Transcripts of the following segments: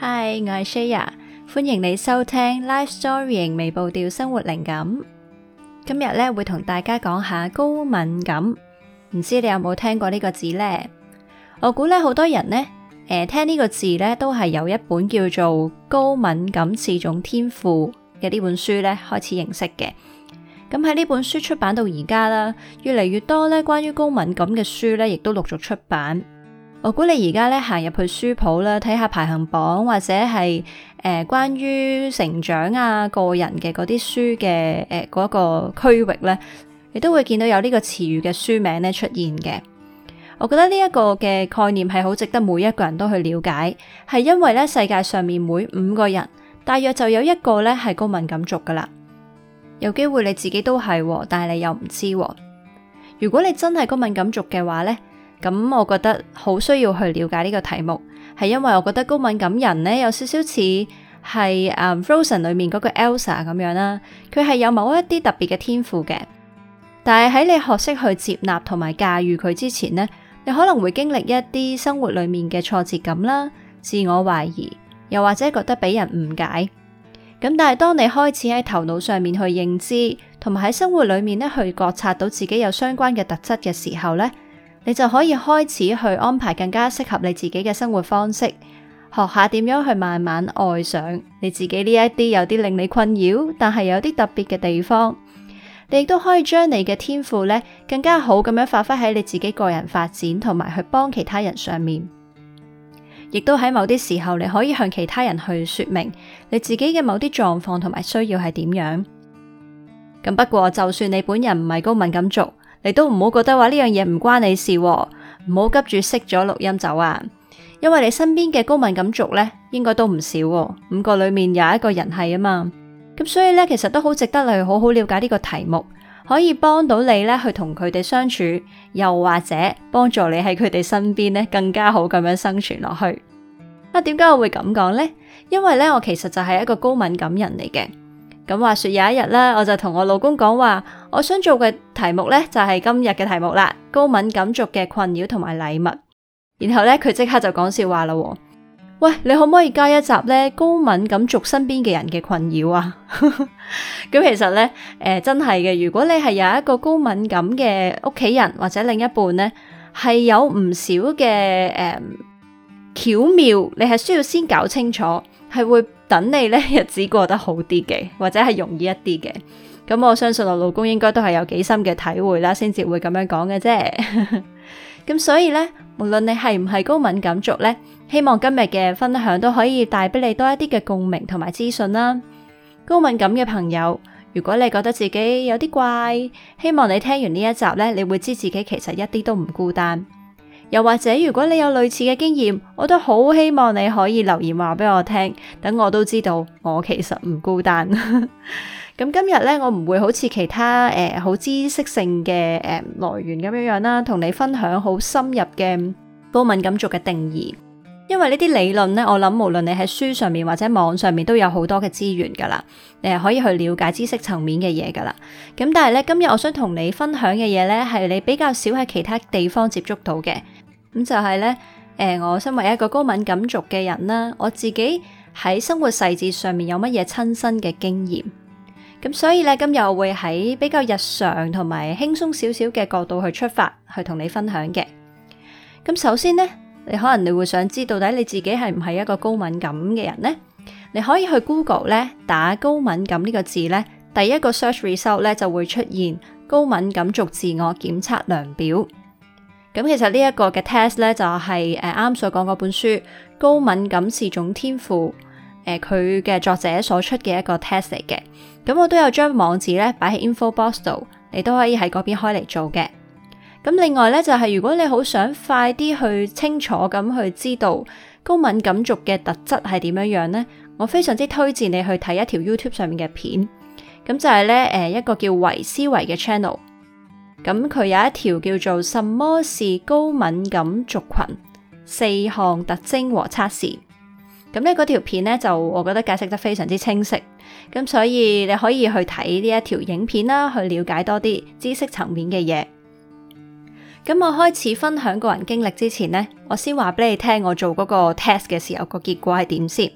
Hi，我係 Shaya，歡迎你收聽 Life Storying，微步調生活靈感。今日咧會同大家講下高敏感，唔知你有冇聽過呢個字呢？我估咧好多人呢，誒、呃、聽呢個字咧都係由一本叫做《高敏感是種天賦》嘅呢本書咧開始認識嘅。咁喺呢本書出版到而家啦，越嚟越多咧關於高敏感嘅書咧亦都陸續出版。我估你而家咧行入去書鋪啦，睇下排行榜或者係誒、呃、關於成長啊個人嘅嗰啲書嘅誒嗰個區域咧，你都會見到有呢個詞語嘅書名咧出現嘅。我覺得呢一個嘅概念係好值得每一個人都去了解，係因為咧世界上面每五個人大約就有一個咧係高敏感族㗎喇，有機會你自己都係、喎，但係你又唔知、喎。如果你真係高敏感族嘅話咧。咁、嗯、我覺得好需要去了解呢個題目，係因為我覺得高敏感人呢有少少似係 Frozen 裏面嗰個 Elsa 咁樣啦，佢係有某一啲特別嘅天賦嘅，但係喺你學識去接納同埋駕馭佢之前呢，你可能會經歷一啲生活裏面嘅挫折感啦、自我懷疑，又或者覺得俾人誤解。咁但係當你開始喺頭腦上面去認知，同埋喺生活裏面咧去覺察到自己有相關嘅特質嘅時候呢。你就可以開始去安排更加適合你自己嘅生活方式，學下點樣去慢慢愛上你自己呢一啲有啲令你困擾，但係有啲特別嘅地方，你亦都可以將你嘅天賦呢更加好咁樣發揮喺你自己個人發展同埋去幫其他人上面，亦都喺某啲時候你可以向其他人去說明你自己嘅某啲狀況同埋需要係點樣咁。不過就算你本人唔係高敏感族。你都唔好覺得話呢樣嘢唔關你事喎，唔好急住熄咗錄音走啊！因為你身邊嘅高敏感族呢，應該都唔少喎，五個裏面有一個人係啊嘛，咁所以呢，其實都好值得你去好好了解呢個題目，可以幫到你呢去同佢哋相處，又或者幫助你喺佢哋身邊呢更加好咁樣生存落去。啊，點解我會咁講呢？因為呢，我其實就係一個高敏感人嚟嘅。咁話說有一日啦，我就同我老公講話，我想做嘅題目呢，就係、是、今日嘅題目啦。高敏感族嘅困擾同埋禮物，然後呢，佢即刻就講笑話啦。喂，你可唔可以加一集呢？高敏感族身邊嘅人嘅困擾啊？咁 其實呢，誒、呃、真係嘅，如果你係有一個高敏感嘅屋企人或者另一半呢，係有唔少嘅誒、呃、巧妙，你係需要先搞清楚，係會。等你咧日子過得好啲嘅，或者係容易一啲嘅。咁我相信我老公應該都係有幾深嘅體會啦，先至會咁樣講嘅啫。咁 所以咧，無論你係唔係高敏感族咧，希望今日嘅分享都可以帶俾你多一啲嘅共鳴同埋資訊啦。高敏感嘅朋友，如果你覺得自己有啲怪，希望你聽完呢一集咧，你會知自己其實一啲都唔孤單。又或者，如果你有類似嘅經驗，我都好希望你可以留言話俾我聽，等我都知道我其實唔孤單。咁 今日咧，我唔會好似其他誒好、呃、知識性嘅誒、呃、來源咁樣樣啦，同你分享好深入嘅高敏感族嘅定義，因為呢啲理論咧，我諗無論你喺書上面或者網上面都有好多嘅資源噶啦，你可以去了解知識層面嘅嘢噶啦。咁但係咧，今日我想同你分享嘅嘢咧，係你比較少喺其他地方接觸到嘅。咁就係咧，誒，我身為一個高敏感族嘅人啦，我自己喺生活細節上面有乜嘢親身嘅經驗，咁所以咧，今日我會喺比較日常同埋輕鬆少少嘅角度去出發，去同你分享嘅。咁首先咧，你可能你會想知到底你自己係唔係一個高敏感嘅人呢？你可以去 Google 咧打高敏感呢個字咧，第一個 search result 咧就會出現高敏感族自我檢測量表。咁其實試試呢一個嘅 test 咧就係誒啱所講嗰本書《高敏感是種天賦》誒、呃，佢嘅作者所出嘅一個 test 嚟嘅。咁、嗯、我都有將網址咧擺喺 info box 度，你都可以喺嗰邊開嚟做嘅。咁、嗯、另外咧就係、是、如果你好想快啲去清楚咁去知道高敏感族嘅特質係點樣樣咧，我非常之推薦你去睇一條 YouTube 上面嘅片。咁、嗯、就係咧誒一個叫維思維嘅 channel。咁佢有一條叫做《什麼是高敏感族群》四項特徵和測試。咁咧，嗰條片咧就我覺得解釋得非常之清晰。咁所以你可以去睇呢一條影片啦，去了解多啲知識層面嘅嘢。咁我開始分享個人經歷之前呢，我先話俾你聽，我做嗰個 test 嘅時候個結果係點先。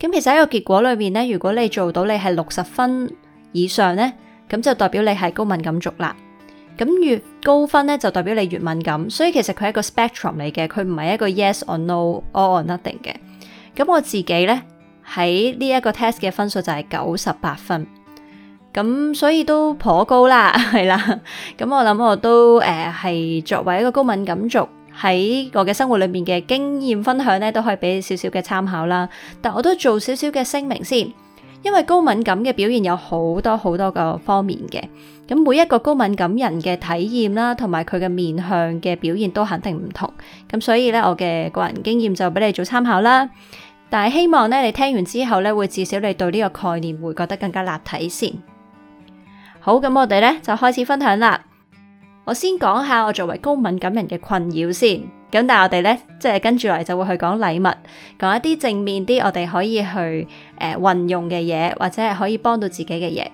咁其實喺個結果裏面咧，如果你做到你係六十分以上咧，咁就代表你係高敏感族啦。咁越高分咧，就代表你越敏感，所以其實佢係一個 spectrum 嚟嘅，佢唔係一個 yes or no all or nothing 嘅。咁我自己咧喺呢一個 test 嘅分數就係九十八分，咁所以都頗高啦，係啦。咁 我諗我都誒係、呃、作為一個高敏感族，喺我嘅生活裏面嘅經驗分享咧，都可以俾少少嘅參考啦。但我都做少少嘅聲明先。因為高敏感嘅表現有好多好多個方面嘅，咁每一個高敏感人嘅體驗啦，同埋佢嘅面向嘅表現都肯定唔同。咁所以咧，我嘅個人經驗就俾你做參考啦。但係希望咧，你聽完之後咧，會至少你對呢個概念會覺得更加立體先。好，咁我哋咧就開始分享啦。我先講下我作為高敏感人嘅困擾先。咁但係我哋咧，即係跟住嚟就會去講禮物，講一啲正面啲，我哋可以去誒、呃、運用嘅嘢，或者係可以幫到自己嘅嘢。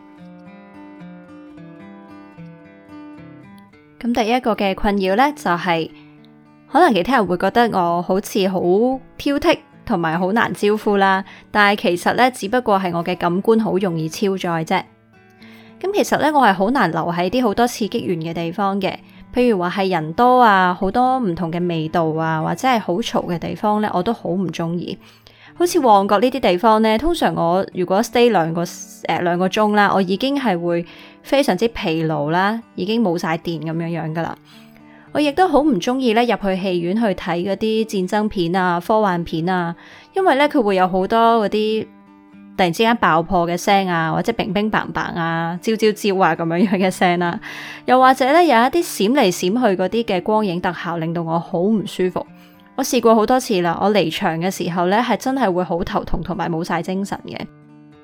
咁 第一個嘅困擾咧，就係、是、可能其他人會覺得我好似好挑剔，同埋好難招呼啦。但係其實咧，只不過係我嘅感官好容易超載啫。咁其實咧，我係好難留喺啲好多刺激源嘅地方嘅。譬如話係人多啊，好多唔同嘅味道啊，或者係好嘈嘅地方咧，我都好唔中意。好似旺角呢啲地方咧，通常我如果 stay 兩個誒兩個鐘啦，我已經係會非常之疲勞啦，已經冇晒電咁樣樣噶啦。我亦都好唔中意咧入去戲院去睇嗰啲戰爭片啊、科幻片啊，因為咧佢會有好多嗰啲。突然之間爆破嘅聲啊，或者乒乒乓乓啊、焦焦焦啊咁樣樣嘅聲啦，又或者咧有一啲閃嚟閃去嗰啲嘅光影特效，令到我好唔舒服。我試過好多次啦，我離場嘅時候咧係真係會好頭痛同埋冇晒精神嘅。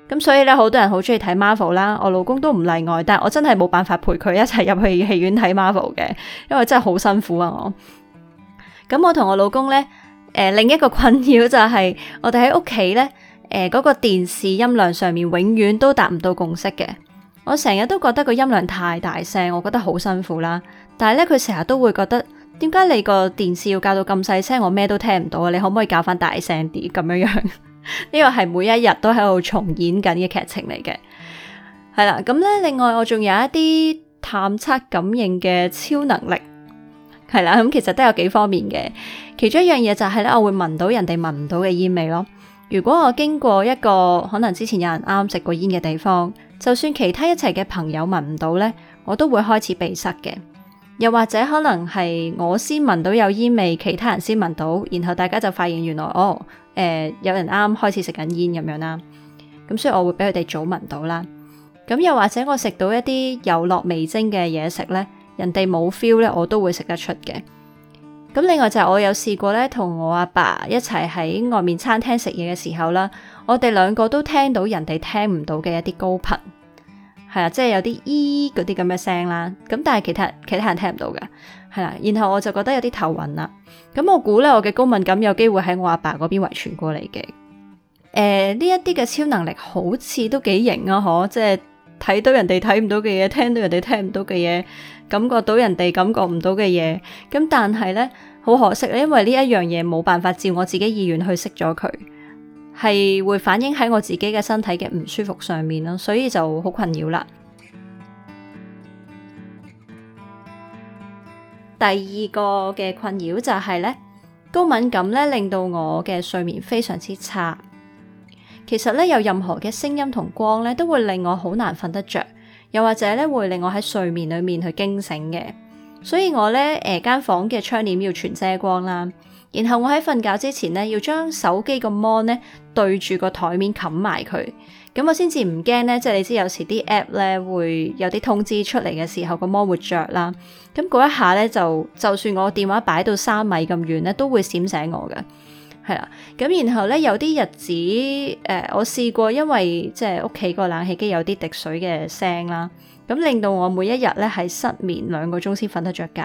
咁所以咧好多人好中意睇 Marvel 啦，我老公都唔例外，但係我真係冇辦法陪佢一齊入去戲院睇 Marvel 嘅，因為真係好辛苦啊我。 咁我同我老公咧，誒、呃、另一個困擾就係、是、我哋喺屋企咧。誒，嗰個電視音量上面永遠都達唔到共識嘅，我成日都覺得個音量太大聲，我覺得好辛苦啦。但係咧，佢成日都會覺得，點解你個電視要較到咁細聲，我咩都聽唔到啊？你可唔可以較翻大聲啲咁樣樣？呢個係每一日都喺度重演緊嘅劇情嚟嘅。係啦，咁咧，另外我仲有一啲探測感應嘅超能力，係啦，咁其實都有幾方面嘅。其中一樣嘢就係咧，我會聞到人哋聞唔到嘅煙味咯。如果我經過一個可能之前有人啱食過煙嘅地方，就算其他一齊嘅朋友聞唔到呢，我都會開始鼻塞嘅。又或者可能係我先聞到有煙味，其他人先聞到，然後大家就發現原來哦，誒、呃、有人啱開始食緊煙咁樣啦。咁所以我會俾佢哋早聞到啦。咁又或者我食到一啲有落味精嘅嘢食呢，人哋冇 feel 呢，我都會食得出嘅。咁另外就係我有試過咧，同我阿爸，爸一齊喺外面餐廳食嘢嘅時候啦，我哋兩個都聽到人哋聽唔到嘅一啲高頻，係啦，即係有啲「咦」嗰啲咁嘅聲啦。咁但係其他其他人聽唔到嘅，係啦。然後我就覺得有啲頭暈啦。咁我估咧，我嘅高敏感有機會喺我阿爸嗰邊遺傳過嚟嘅。誒、呃，呢一啲嘅超能力好似都幾型啊，嗬！即係睇到人哋睇唔到嘅嘢，聽到人哋聽唔到嘅嘢。感覺到人哋感覺唔到嘅嘢，咁但係呢，好可惜，因為呢一樣嘢冇辦法照我自己意願去熄咗佢，係會反映喺我自己嘅身體嘅唔舒服上面咯，所以就好困擾啦。第二個嘅困擾就係呢，高敏感呢令到我嘅睡眠非常之差。其實呢，有任何嘅聲音同光呢，都會令我好難瞓得着。又或者咧，會令我喺睡眠裏面去驚醒嘅，所以我咧，誒、呃，間房嘅窗簾要全遮光啦。然後我喺瞓覺之前咧，要將手機個 Mon 咧對住個台面冚埋佢，咁我先至唔驚咧。即係你知有時啲 App 咧會有啲通知出嚟嘅時候，個 Mon 會着啦。咁嗰一下咧，就就算我電話擺到三米咁遠咧，都會閃醒我嘅。係啦，咁、嗯、然後咧，有啲日子，誒、呃，我試過，因為即係屋企個冷氣機有啲滴水嘅聲啦，咁、嗯、令到我每一日咧係失眠兩個鐘先瞓得着覺。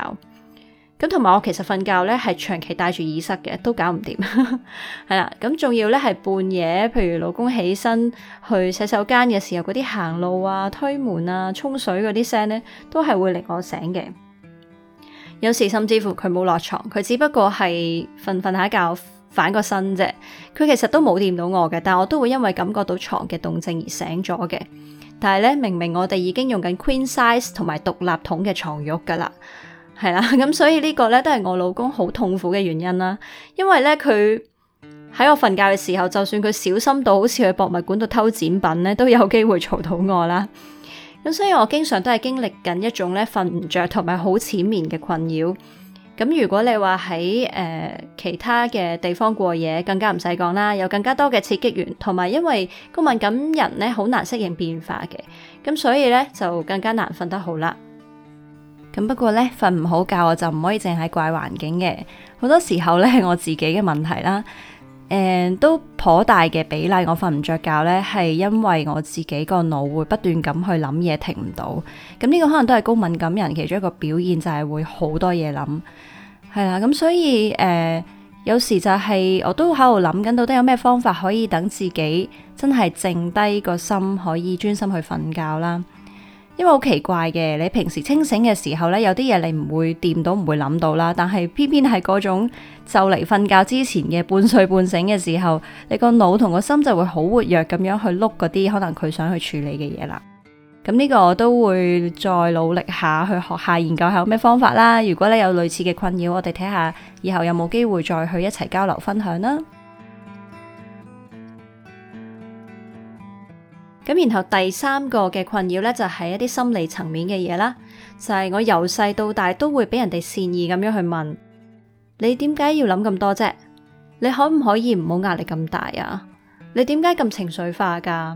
咁同埋我其實瞓覺咧係長期戴住耳塞嘅，都搞唔掂。係 啦、嗯、咁、嗯、仲要咧係半夜，譬如老公起身去洗手間嘅時候，嗰啲行路啊、推門啊、沖水嗰啲聲咧，都係會令我醒嘅。有時甚至乎佢冇落床，佢只不過係瞓瞓下覺，反個身啫，佢其實都冇掂到我嘅，但我都會因為感覺到床嘅動靜而醒咗嘅。但係咧，明明我哋已經用緊 queen size 同埋獨立桶嘅床褥噶啦，係啦，咁所以呢個咧都係我老公好痛苦嘅原因啦。因為咧，佢喺我瞓覺嘅時候，就算佢小心到好似去博物館度偷展品咧，都有機會嘈到我啦。咁所以，我經常都係經歷緊一種咧瞓唔着同埋好淺眠嘅困擾。咁如果你話喺誒其他嘅地方過夜，更加唔使講啦，有更加多嘅刺激源，同埋因為高敏感人呢，好難適應變化嘅，咁所以呢，就更加難瞓得好啦。咁不過呢，瞓唔好覺，我就唔可以淨係怪環境嘅，好多時候呢，係我自己嘅問題啦。誒、嗯，都頗大嘅比例，我瞓唔着覺呢，係因為我自己個腦會不斷咁去諗嘢，停唔到。咁呢個可能都係高敏感人其中一個表現就，就係會好多嘢諗，係啦。咁所以誒、嗯，有時就係、是、我都喺度諗緊，到底有咩方法可以等自己真係靜低個心，可以專心去瞓覺啦。因為好奇怪嘅，你平時清醒嘅時候呢，有啲嘢你唔會掂到，唔會諗到啦。但係偏偏係嗰種就嚟瞓覺之前嘅半睡半醒嘅時候，你個腦同個心就會好活躍咁樣去碌嗰啲可能佢想去處理嘅嘢啦。咁呢個我都會再努力下去學下研究下有咩方法啦。如果你有類似嘅困擾，我哋睇下以後有冇機會再去一齊交流分享啦。咁，然後第三個嘅困擾咧，就係一啲心理層面嘅嘢啦，就係、是、我由細到大都會俾人哋善意咁樣去問你點解要諗咁多啫？你可唔可以唔好壓力咁大啊？你點解咁情緒化噶？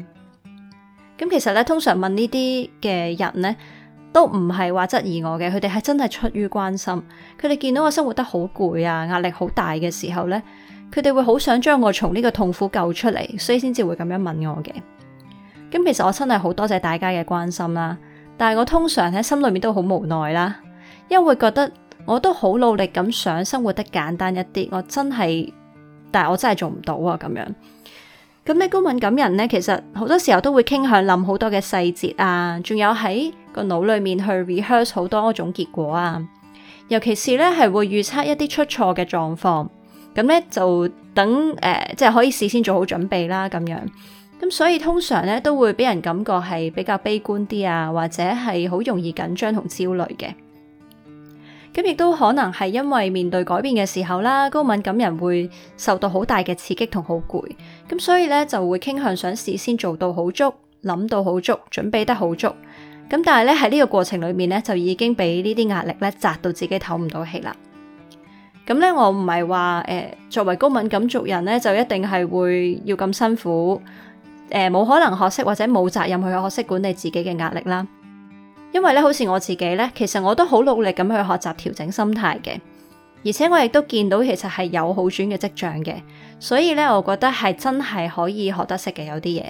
咁其實咧，通常問呢啲嘅人咧，都唔係話質疑我嘅，佢哋係真係出於關心，佢哋見到我生活得好攰啊，壓力好大嘅時候咧，佢哋會好想將我從呢個痛苦救出嚟，所以先至會咁樣問我嘅。咁其實我真係好多謝大家嘅關心啦，但係我通常喺心裏面都好無奈啦，因為會覺得我都好努力咁想生活得簡單一啲，我真係，但係我真係做唔到啊咁樣。咁呢高敏感人咧，其實好多時候都會傾向諗好多嘅細節啊，仲有喺個腦裏面去 rehearse 好多種結果啊，尤其是咧係會預測一啲出錯嘅狀況，咁咧就等誒即係可以事先做好準備啦咁樣。咁所以通常咧都會俾人感覺係比較悲觀啲啊，或者係好容易緊張同焦慮嘅。咁亦都可能係因為面對改變嘅時候啦，高敏感人會受到好大嘅刺激同好攰。咁所以咧就會傾向想事先做到好足，諗到好足，準備得好足。咁但係咧喺呢個過程裏面咧就已經俾呢啲壓力咧窒到自己唞唔到氣啦。咁咧我唔係話誒作為高敏感族人咧就一定係會要咁辛苦。誒，冇、呃、可能學識或者冇責任去學識管理自己嘅壓力啦。因為咧，好似我自己咧，其實我都好努力咁去學習調整心態嘅，而且我亦都見到其實係有好轉嘅跡象嘅。所以咧，我覺得係真係可以學得識嘅。有啲嘢。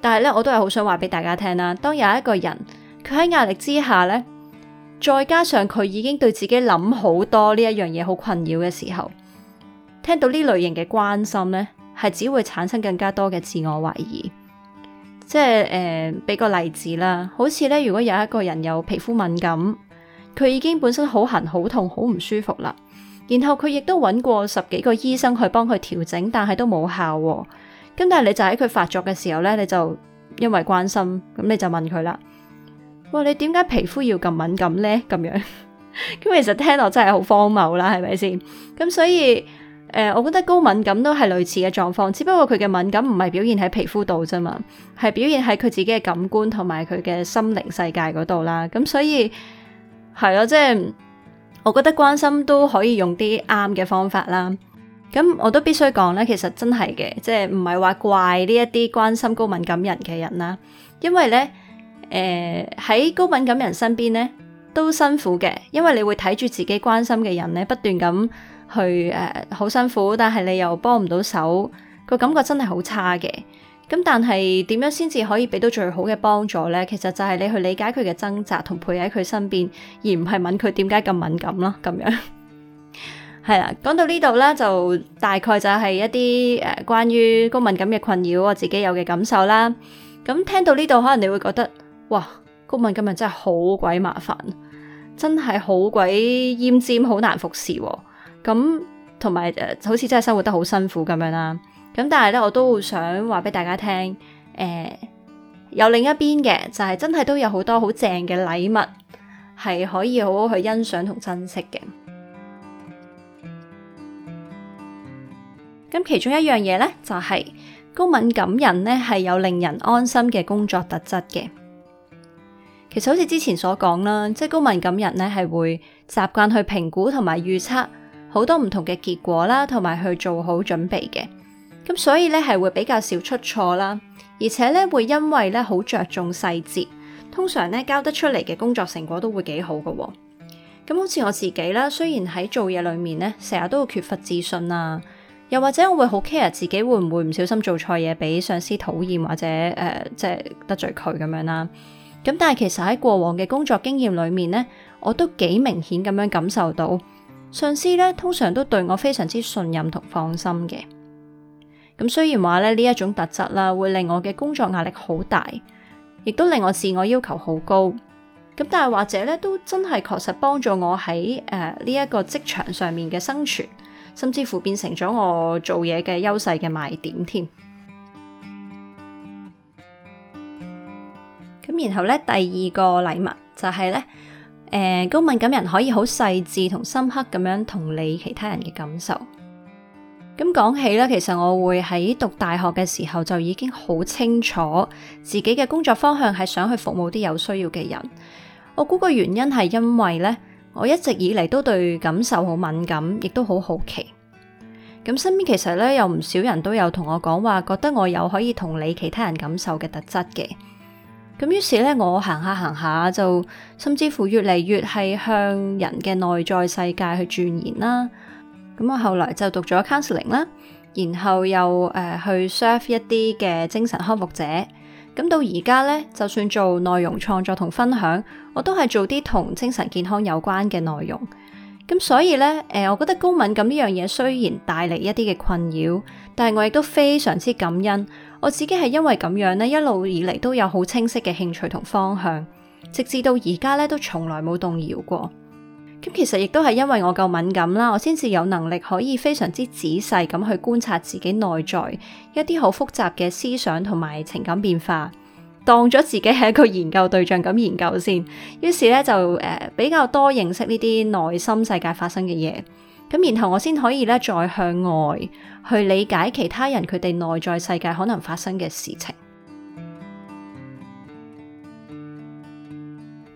但係咧，我都係好想話俾大家聽啦。當有一個人佢喺壓力之下咧，再加上佢已經對自己諗好多呢一樣嘢好困擾嘅時候，聽到呢類型嘅關心咧。係只會產生更加多嘅自我懷疑，即係誒、俾、呃、個例子啦，好似咧，如果有一個人有皮膚敏感，佢已經本身好痕、好痛、好唔舒服啦，然後佢亦都搵過十幾個醫生去幫佢調整，但係都冇效。咁但係你就喺佢發作嘅時候咧，你就因為關心，咁你就問佢啦，哇，「你點解皮膚要咁敏感呢？」咁樣，咁 其實聽落真係好荒謬啦，係咪先？咁所以。誒、呃，我覺得高敏感都係類似嘅狀況，只不過佢嘅敏感唔係表現喺皮膚度啫嘛，係表現喺佢自己嘅感官同埋佢嘅心靈世界嗰度啦。咁所以係咯，即係、就是、我覺得關心都可以用啲啱嘅方法啦。咁我都必須講咧，其實真係嘅，即係唔係話怪呢一啲關心高敏感人嘅人啦，因為咧，誒、呃、喺高敏感人身邊咧都辛苦嘅，因為你會睇住自己關心嘅人咧不斷咁。去誒，好、呃、辛苦，但係你又幫唔到手，個感覺真係好差嘅。咁但係點樣先至可以俾到最好嘅幫助呢？其實就係你去理解佢嘅掙扎，同陪喺佢身邊，而唔係問佢點解咁敏感啦。咁樣係 啦。講到呢度咧，就大概就係一啲誒關於高敏感嘅困擾，我自己有嘅感受啦。咁聽到呢度，可能你會覺得哇，高敏感人真係好鬼麻煩，真係好鬼奄尖，好難服侍，啊。咁同埋，誒好似真係生活得好辛苦咁樣啦。咁但係咧，我都會想話俾大家聽，誒，有另一邊嘅就係真係都有好多好正嘅禮物，係可以好好去欣賞同珍惜嘅。咁其中一樣嘢咧，就係高敏感人咧係有令人安心嘅工作特質嘅。其實好似之前所講啦，即係高敏感人咧係會習慣去評估同埋預測，好多唔同嘅結果啦，同埋去做好準備嘅，咁所以咧係會比較少出錯啦，而且咧會因為咧好着重細節，通常咧交得出嚟嘅工作成果都會幾好嘅。咁好似我自己啦，雖然喺做嘢裏面咧成日都會缺乏自信啦，又或者我會好 care 自己會唔會唔小心做錯嘢俾上司討厭，或者誒即係得罪佢咁樣啦。咁但係其實喺過往嘅工作經驗裏面咧，我都幾明顯咁樣感受到。上司咧通常都對我非常之信任同放心嘅，咁雖然話咧呢一種特質啦，會令我嘅工作壓力好大，亦都令我自我要求好高，咁但係或者咧都真係確實幫助我喺誒呢一個職場上面嘅生存，甚至乎變成咗我做嘢嘅優勢嘅賣點添。咁然後咧第二個禮物就係咧。誒，高敏感人可以好細緻同深刻咁樣同理其他人嘅感受。咁講起咧，其實我會喺讀大學嘅時候就已經好清楚自己嘅工作方向係想去服務啲有需要嘅人。我估個原因係因為咧，我一直以嚟都對感受好敏感，亦都好好奇。咁身邊其實咧有唔少人都有同我講話，覺得我有可以同理其他人感受嘅特質嘅。咁於是咧，我行下行下就，甚至乎越嚟越係向人嘅內在世界去鑽研啦。咁我後來就讀咗 counseling 啦，然後又誒、呃、去 serve 一啲嘅精神康復者。咁到而家咧，就算做內容創作同分享，我都係做啲同精神健康有關嘅內容。咁所以咧，誒、呃，我覺得高敏感呢樣嘢雖然帶嚟一啲嘅困擾，但係我亦都非常之感恩。我自己係因為咁樣咧，一路以嚟都有好清晰嘅興趣同方向，直至到而家咧都從來冇動搖過。咁其實亦都係因為我夠敏感啦，我先至有能力可以非常之仔細咁去觀察自己內在一啲好複雜嘅思想同埋情感變化，當咗自己係一個研究對象咁研究先。於是咧就誒、呃、比較多認識呢啲內心世界發生嘅嘢。咁，然後我先可以咧，再向外去理解其他人，佢哋內在世界可能發生嘅事情。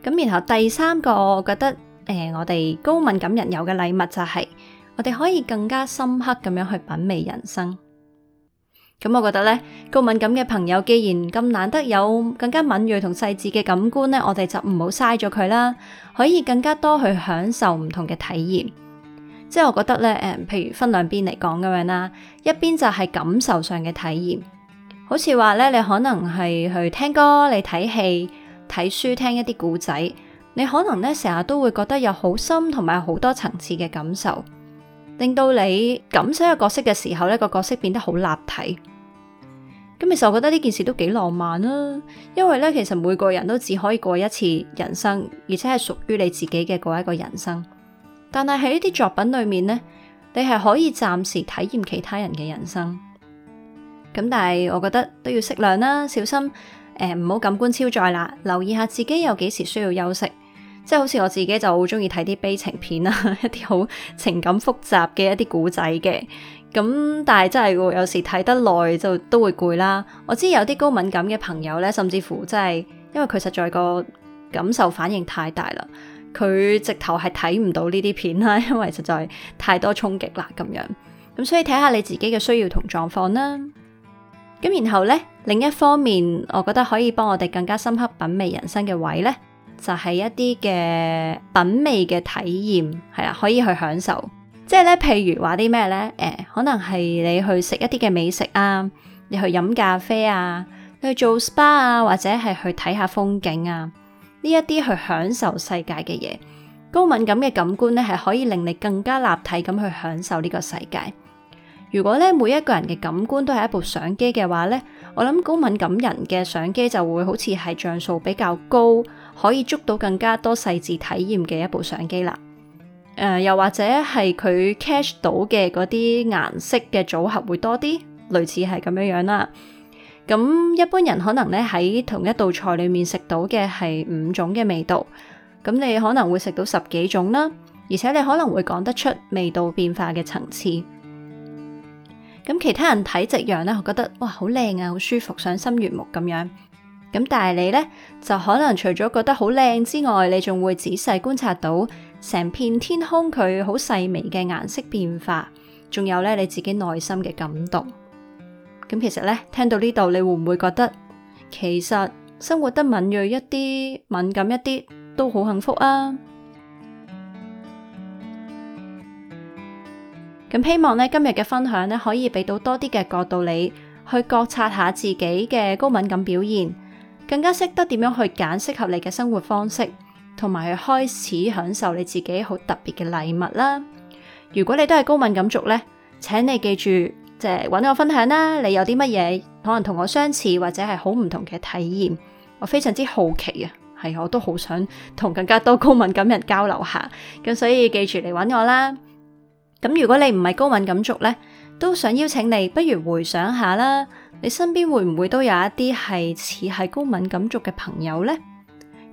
咁，然後第三個，我覺得誒、呃，我哋高敏感人有嘅禮物就係、是、我哋可以更加深刻咁樣去品味人生。咁、嗯，我覺得咧，高敏感嘅朋友既然咁難得有更加敏銳同細緻嘅感官咧，我哋就唔好嘥咗佢啦，可以更加多去享受唔同嘅體驗。即係我覺得咧，誒，譬如分兩邊嚟講咁樣啦，一邊就係感受上嘅體驗，好似話咧，你可能係去聽歌、你睇戲、睇書、聽一啲古仔，你可能咧成日都會覺得有好深同埋好多層次嘅感受，令到你感受個角色嘅時候咧，個角色變得好立體。咁其實我覺得呢件事都幾浪漫啦，因為咧其實每個人都只可以過一次人生，而且係屬於你自己嘅嗰一個人生。但係喺呢啲作品裏面呢，你係可以暫時體驗其他人嘅人生。咁但係我覺得都要適量啦，小心誒，唔好感官超載啦，留意下自己有幾時需要休息。即係好似我自己就好中意睇啲悲情片啊， 一啲好情感複雜嘅一啲古仔嘅。咁但係真係有時睇得耐就都會攰啦。我知有啲高敏感嘅朋友呢，甚至乎真係因為佢實在個感受反應太大啦。佢直頭係睇唔到呢啲片啦，因為實在太多衝擊啦咁樣，咁所以睇下你自己嘅需要同狀況啦。咁然後呢，另一方面，我覺得可以幫我哋更加深刻品味人生嘅位呢，就係、是、一啲嘅品味嘅體驗係啦，可以去享受。即係咧，譬如話啲咩呢？誒、欸，可能係你去食一啲嘅美食啊，你去飲咖啡啊，你去做 SPA 啊，或者係去睇下風景啊。呢一啲去享受世界嘅嘢，高敏感嘅感官咧係可以令你更加立體咁去享受呢個世界。如果咧每一個人嘅感官都係一部相機嘅話咧，我諗高敏感人嘅相機就會好似係像素比較高，可以捉到更加多細緻體驗嘅一部相機啦。誒、呃，又或者係佢 catch 到嘅嗰啲顏色嘅組合會多啲，類似係咁樣樣啦。咁一般人可能咧喺同一道菜裏面食到嘅係五種嘅味道，咁你可能會食到十幾種啦，而且你可能會講得出味道變化嘅層次。咁其他人睇夕陽咧，覺得哇，好靚啊，好舒服，賞心悅目咁樣。咁但係你咧，就可能除咗覺得好靚之外，你仲會仔細觀察到成片天空佢好細微嘅顏色變化，仲有咧你自己內心嘅感動。咁其實呢，聽到呢度你會唔會覺得，其實生活得敏銳一啲，敏感一啲都好幸福啊！咁，嗯、希望呢今日嘅分享呢，可以俾到多啲嘅角度，你去覺察下自己嘅高敏感表現，更加識得點樣去揀適合你嘅生活方式，同埋去開始享受你自己好特別嘅禮物啦。如果你都係高敏感族呢，請你記住。就係揾我分享啦，你有啲乜嘢可能同我相似，或者係好唔同嘅體驗，我非常之好奇啊！係，我都好想同更加多高敏感人交流下，咁所以記住嚟揾我啦。咁如果你唔係高敏感族呢，都想邀請你，不如回想下啦，你身邊會唔會都有一啲係似係高敏感族嘅朋友呢？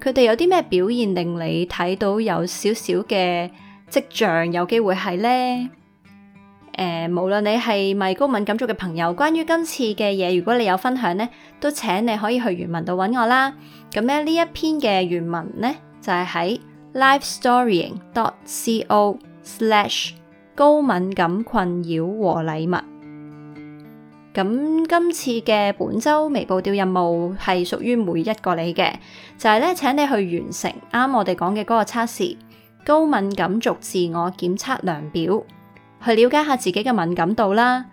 佢哋有啲咩表現令你睇到有少少嘅跡象，有機會係呢？誒、呃，無論你係咪高敏感族嘅朋友，關於今次嘅嘢，如果你有分享呢，都請你可以去原文度揾我啦。咁咧呢一篇嘅原文呢，就係、是、喺 lifestorying.co/ 高敏感困擾和禮物。咁今次嘅本周微步調任務係屬於每一個你嘅，就係、是、咧，請你去完成啱我哋講嘅嗰個測試高敏感族自我檢測量表。去了解下自己嘅敏感度啦，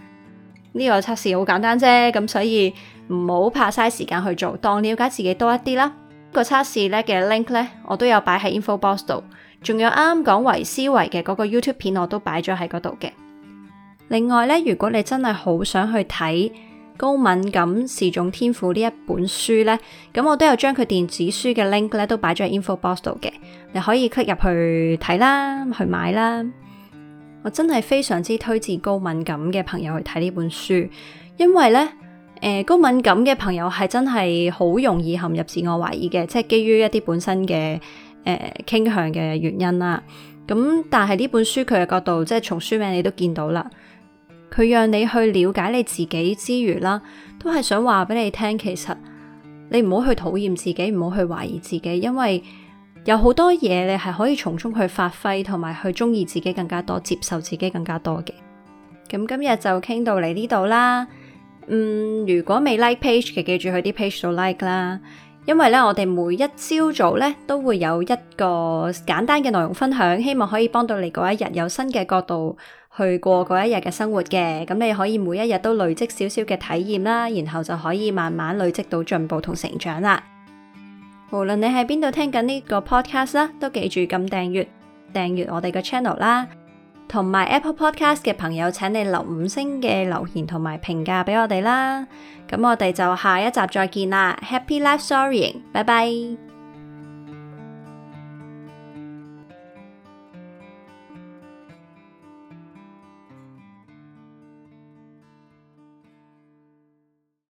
呢、個測試好簡單啫，咁所以唔好怕嘥時間去做，當了解自己多一啲啦。個測試咧嘅 link 咧，我都有擺喺 info box 度，仲有啱啱講維思維嘅嗰個 YouTube 片，我都擺咗喺嗰度嘅。另外咧，如果你真係好想去睇《高敏感是種天賦》呢一本書咧，咁我都有將佢電子書嘅 link 咧都擺咗喺 info box 度嘅，你可以 click 入去睇啦，去買啦。我真係非常之推薦高敏感嘅朋友去睇呢本書，因為呢，誒、呃，高敏感嘅朋友係真係好容易陷入自我懷疑嘅，即係基於一啲本身嘅誒傾向嘅原因啦。咁但係呢本書佢嘅角度，即係從書名你都見到啦，佢讓你去了解你自己之餘啦，都係想話俾你聽，其實你唔好去討厭自己，唔好去懷疑自己，因為，有好多嘢你係可以從中去發揮，同埋去中意自己更加多，接受自己更加多嘅。咁今日就傾到嚟呢度啦。嗯，如果未 like page 嘅，記住去啲 page 度 like 啦。因為呢，我哋每一朝早呢都會有一個簡單嘅內容分享，希望可以幫到你嗰一日有新嘅角度去過嗰一日嘅生活嘅。咁你可以每一日都累積少少嘅體驗啦，然後就可以慢慢累積到進步同成長啦。無論你喺邊度聽緊呢個 podcast 啦，都記住撳訂閱訂閱我哋嘅 channel 啦。同埋 Apple Podcast 嘅朋友，請你留五星嘅留言同埋評價俾我哋啦。咁我哋就下一集再見啦。Happy life storying，拜拜。